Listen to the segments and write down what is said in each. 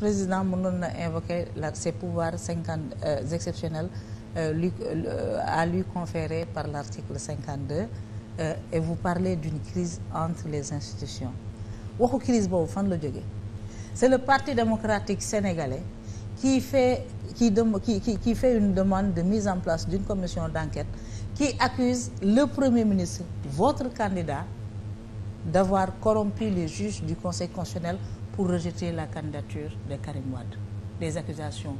président mënoon na invoquer la ses pouvoirs cinquante euh, exceptionnels euh, lui euh, à lui conférés par l'article cinquante deux et vous parlez d'une crise entre les institutions waxu crise boobu fan la jógee c'est le parti démocratique sénégalais qui fait qui dem qui qui qui fait demande de mise en place d'une commission d'enquête qui accuse le premier ministre votre candidat d'avoir corrompu les juges du Conseil constitutionnel pour rejeter la candidature de Karim Wade. Des accusations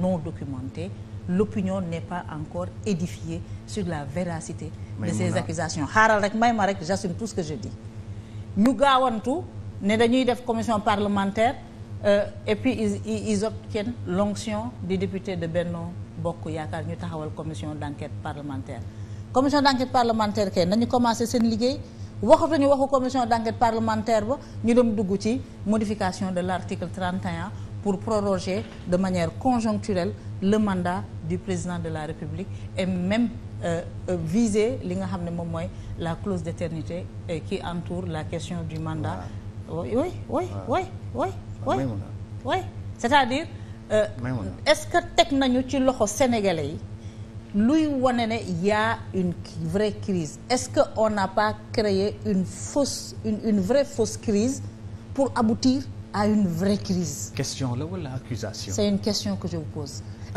non documentées. L'opinion n'est pas encore édifiée sur la véracité de ces accusations xaaral rek may ma rek j'assume tout ce que je dis ñu gaawantu ne dañuy def commission parlementaire euh, et puis ils ils obtiennent l'onction des députés de Benno Bokk Yaakaar ñu taxawal commission d'enquête parlementaire commission d'enquête parlementaire kay nañu commencé seen liggéey waxatuñu waxu commission d'enquête parlementaire ba ñu dem dugg ci modification de l'article 31 pour proroger de manière conjoncturelle le mandat du président de la République et même euh, euh viser li nga xam ne moom mooy la clause d'éternité qui entoure la question du mandat oui oui oui oui oui oui oui c'est-à-dire euh, est-ce que teg nañu ci loxo sénégalais yi luy wane ne y a une vraie crise est-ce que on n'a pas créé une fausse une une vraie fausse crise pour aboutir à une vraie crise. question la wala accusation. c'est une question que je vous pose.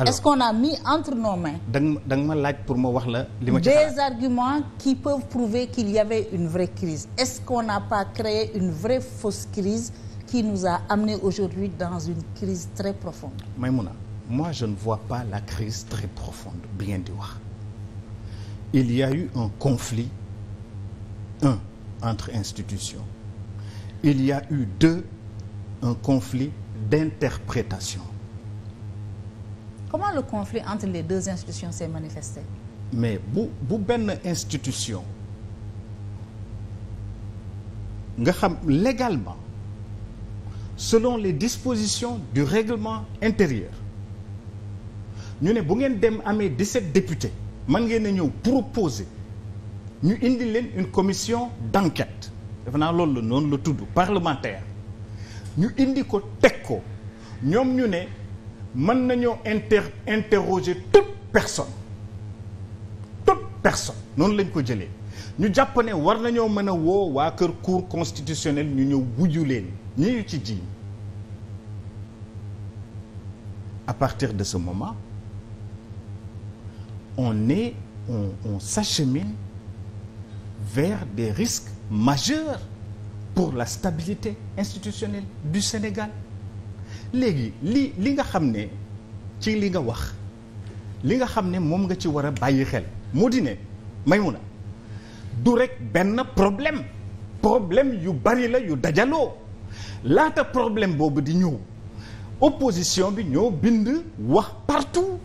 est-ce qu'on a mis entre nos mains. da nga da ma laaj pour ma wax la li ma ci xalaat. des arguments qui peuvent prouver qu'il y avait une vraie crise est-ce qu'on n'a pas créé une vraie fausse crise qui nous a amené aujourd'hui dans une crise très profonde. Maïmouna. moi je ne vois pas la crise très profonde bi ngeen di wax il y a eu un conflit un entre institutions il y a eu deux un conflit d'interprétation comment le conflit entre les deux institutions s'est manifesté mais bu bu benn institution nga xam légalement selon les dispositions du règlement intérieur ñu ne bu ngeen dem amee di set députés man ngeen a ñëw proposer ñu indi leen une commission d'enquête defe naa loolu la noonu la tudd parlementaire ñu indi ko teg ko ñoom ñu ne mën nañoo inter interroger toute personne toute personne noonu lañ ko jëlee ñu jàpp war nañoo mën a woo waa kër cour constitutionnelle ñu ñëw wuju leen ñu ñu ci jiiñ à partir de ce moment on est on, on s'achemine vers des risques majeurs pour la stabilité institutionnelle du Sénégal léegi li li nga xam ne ci li nga wax li nga xam ne moom nga ci war a bàyyi xel moo di ne Maymuna du rek benn problème problème yu bari la yu dajaloo laata problème boobu di ñëw opposition bi ñoo bind wax partout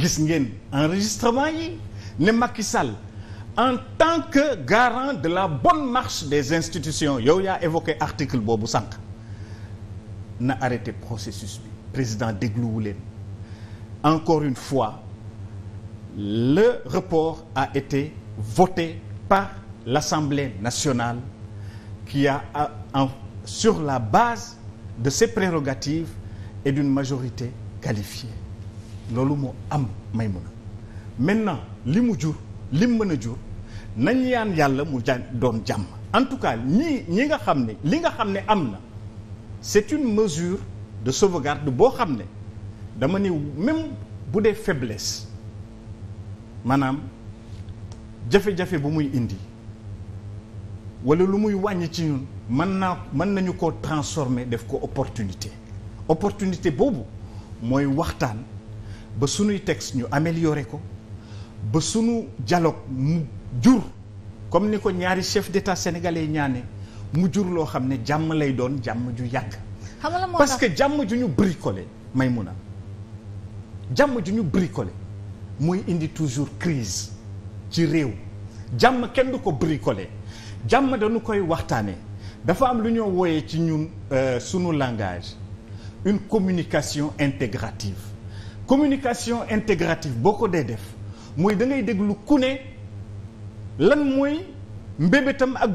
gis ngeen enregistrement yi ne Macky Sall en tant que garant de la bonne marche des institutions yow yaa évoqué article boobu sànq na arrêté processus président dégluwu leen encore une fois le report a été voté par l'Assemblée nationale qui a en sur la base de ses prérogatives et d'une majorité qualifiée loolu moo am may mun a maintenant li mu jur li mu mën a jur nañ yaan yàlla mu ja doon jàmm en tout cas ñii ñi nga xam ne li nga xam ne am na c'est une mesure de sauvegarde boo xam ne dama ni même bu dee faiblesse maanaam jafe-jafe bu muy indi wala lu muy wàññi ci ñun mën naa mën nañu ko transformer def ko opportunité opportunité boobu mooy waxtaan ba suñuy texte ñu améliorer ko ba suñu jaloog mu jur comme ni ko ñaari chef d'état sénégalais ñaane mu jur loo xam ne jàmm lay doon jàmm ju yàgg. xam parce que jàmm ju ñu bricolé may mun a jàmm ju ñu bricolé mooy indi toujours crise ci réew jàmm kenn du ko bricolé jàmm dañu koy waxtaanee dafa am lu ñoo wooyee ci ñun euh, sunu langage une communication intégrative. communication intégrative boo ko dee def mooy da ngay déglu ku ne lan mooy mbébétam ak